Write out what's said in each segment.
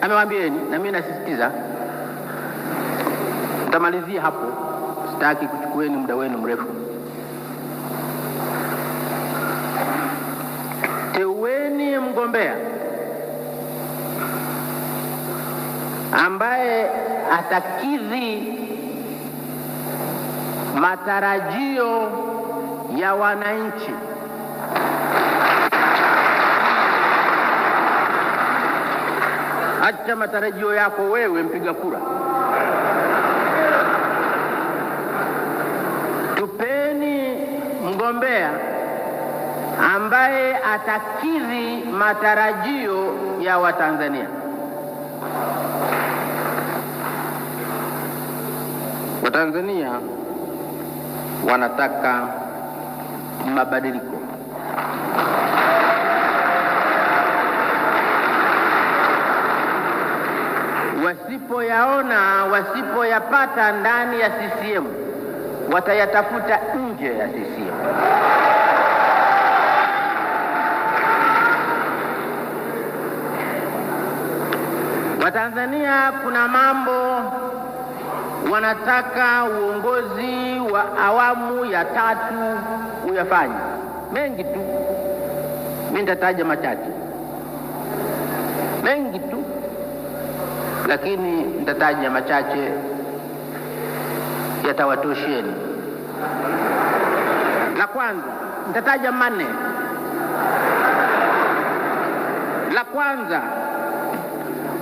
amewambieni na mimi nasisitiza, tamalizia hapo, sitaki kuchukueni muda wenu mrefu. Teueni mgombea ambaye atakidhi matarajio ya wananchi. hata matarajio yako wewe mpiga kura. Tupeni mgombea ambaye atakidhi matarajio ya Watanzania, Watanzania wanataka mabadiliko. wasipoyaona, wasipoyapata ndani ya CCM watayatafuta nje ya CCM. Watanzania kuna mambo wanataka uongozi wa awamu ya tatu uyafanye, mengi tu, mimi nitataja machache, mengi tu lakini nitataja machache yatawatosheni. La kwanza nitataja manne. La kwanza,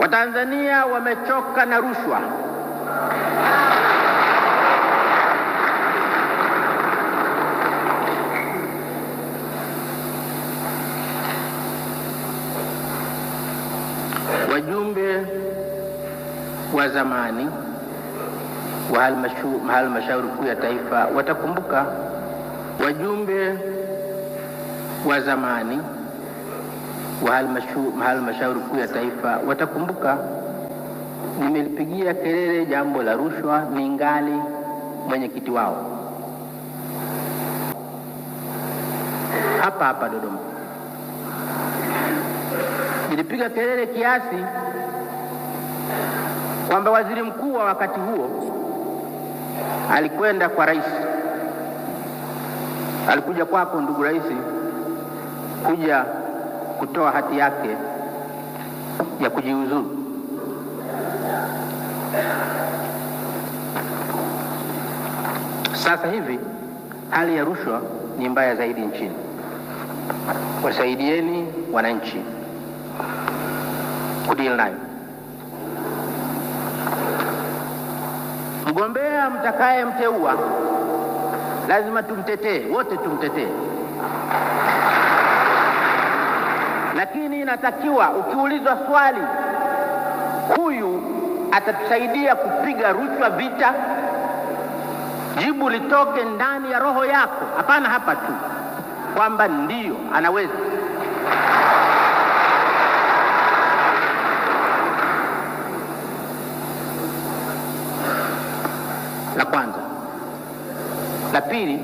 Watanzania wamechoka na rushwa. wa zamani wa halmashauri kuu ya taifa watakumbuka wajumbe wa zamani wa halmashauri kuu ya taifa watakumbuka nimelipigia kelele jambo la rushwa ningali mwenyekiti wao hapa hapa Dodoma. Nilipiga kelele kiasi kwamba waziri mkuu wa wakati huo alikwenda kwa rais, alikuja kwako ndugu rais, kuja kutoa hati yake ya kujiuzuru Sasa hivi hali ya rushwa ni mbaya zaidi nchini. Wasaidieni wananchi kudili nayo. mgombea mtakayemteua lazima tumtetee wote, tumtetee. Lakini inatakiwa ukiulizwa swali, huyu atatusaidia kupiga rushwa vita, jibu litoke ndani ya roho yako, hapana hapa tu kwamba ndiyo anaweza. pili,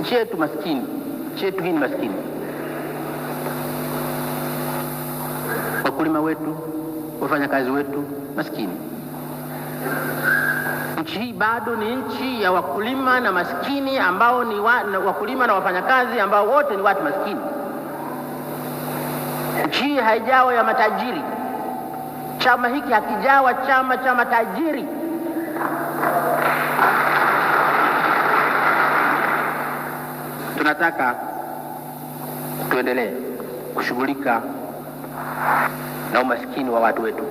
nchi yetu maskini, nchi yetu hii ni maskini. Wakulima wetu, wafanyakazi wetu maskini. Nchi hii bado ni nchi ya wakulima na maskini ambao ni wa, na wakulima na wafanyakazi ambao wote ni watu maskini. Nchi hii haijawa ya matajiri. Chama hiki hakijawa chama cha matajiri. tunataka tuendelee kushughulika na umaskini wa watu wetu,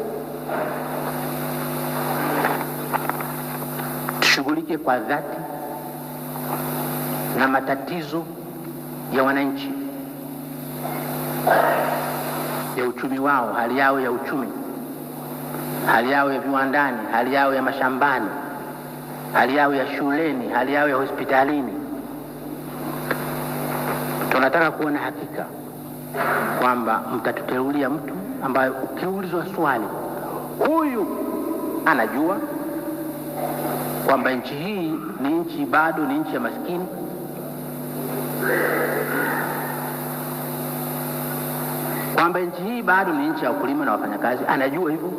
tushughulike kwa dhati na matatizo ya wananchi ya uchumi wao, hali yao ya uchumi, hali yao ya viwandani, hali yao ya mashambani, hali yao ya shuleni, hali yao ya hospitalini tunataka kuona hakika kwamba mtatuteulia mtu ambaye ukiulizwa swali, huyu anajua kwamba nchi hii ni nchi bado ni nchi ya maskini, kwamba nchi hii bado ni nchi ya wakulima na wafanyakazi, anajua hivyo,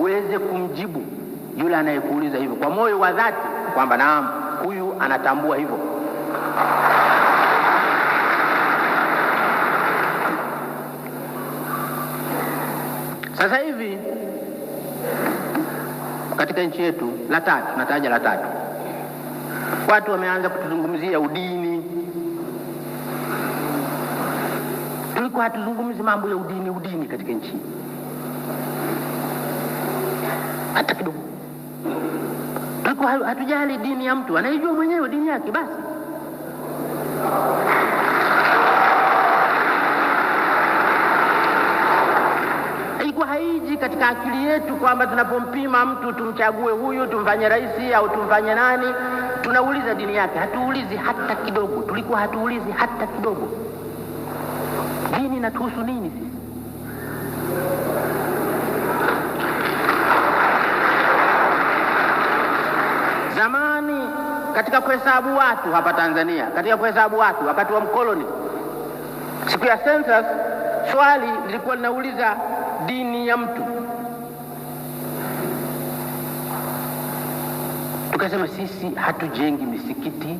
uweze kumjibu yule anayekuuliza hivyo kwa moyo wa dhati kwamba naam, huyu anatambua hivyo. Sasa hivi katika nchi yetu, la tatu nataja la tatu, watu wameanza kutuzungumzia udini. Tulikuwa hatuzungumzi mambo ya udini, udini katika nchi hata kidogo. Tulikuwa hatujali dini ya mtu, anaijua mwenyewe dini yake basi katika akili yetu kwamba tunapompima mtu tumchague huyu tumfanye rais au tumfanye nani, tunauliza dini yake. Hatuulizi hata kidogo, tulikuwa hatuulizi hata kidogo. Dini inatuhusu nini sisi? Zamani katika kuhesabu watu hapa Tanzania, katika kuhesabu watu wakati wa mkoloni, siku ya census swali lilikuwa linauliza dini ya mtu. Tukasema sisi hatujengi misikiti,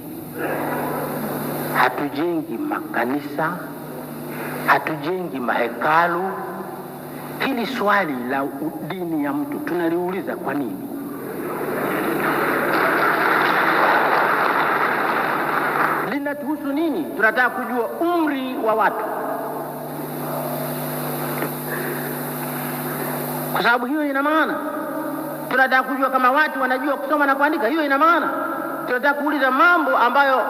hatujengi makanisa, hatujengi mahekalu. Hili swali la dini ya mtu tunaliuliza kwa nini? Linatuhusu nini? Tunataka kujua umri wa watu kwa sababu hiyo ina maana. Tunataka kujua kama watu wanajua kusoma na kuandika, hiyo ina maana. Tunataka kuuliza mambo ambayo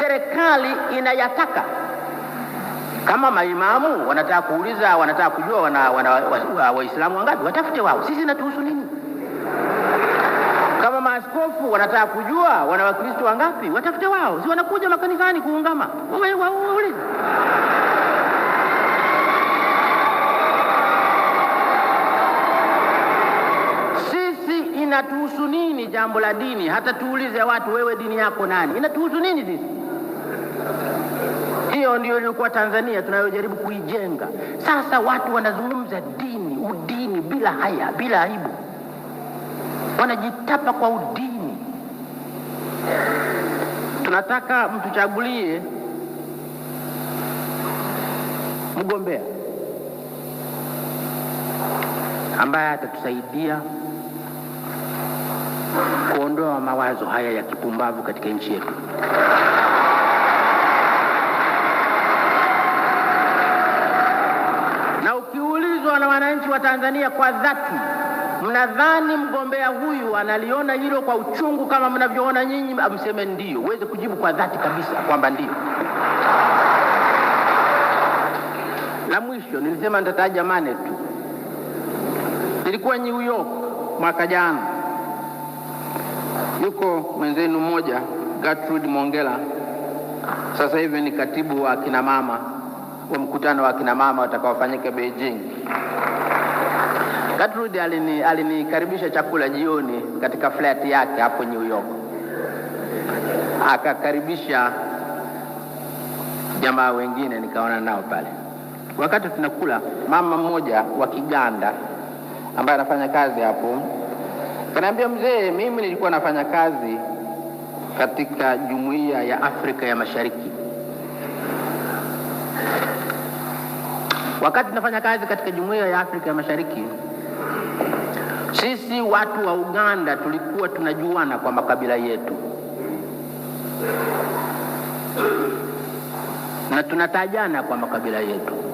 serikali inayataka kama maimamu wanataka kuuliza, wanataka kujua wana, wana, Waislamu wangapi, watafute wao, sisi natuhusu nini? Kama maaskofu wanataka kujua wana Wakristo wangapi, watafute wao, si wanakuja makanisani kuungama, waulize. inatuhusu nini jambo la dini? Hata tuulize watu, wewe dini yako nani? Inatuhusu nini sisi? Hiyo ndio ilikuwa Tanzania tunayojaribu kuijenga. Sasa watu wanazungumza dini, udini bila haya, bila aibu, wanajitapa kwa udini. Tunataka mtuchagulie mgombea ambaye atatusaidia kuondoa mawazo haya ya kipumbavu katika nchi yetu. Na ukiulizwa na wananchi wa Tanzania kwa dhati, mnadhani mgombea huyu analiona hilo kwa uchungu kama mnavyoona nyinyi, amseme ndio, uweze kujibu kwa dhati kabisa kwamba ndio. La mwisho nilisema nitataja mane tu. Nilikuwa New York mwaka jana Yuko mwenzenu mmoja Gertrude Mongela, sasa hivi ni katibu wa akina mama wa mkutano wa akina mama watakaofanyika Beijing. Gertrude alini alinikaribisha chakula jioni katika flat yake hapo New York, akakaribisha jamaa wengine nikaona nao pale. Wakati tunakula, mama mmoja wa Kiganda ambaye anafanya kazi hapo Kanaambia mzee, mimi nilikuwa nafanya kazi katika jumuiya ya Afrika ya Mashariki. Wakati nafanya kazi katika jumuiya ya Afrika ya Mashariki, sisi watu wa Uganda tulikuwa tunajuana kwa makabila yetu na tunatajana kwa makabila yetu.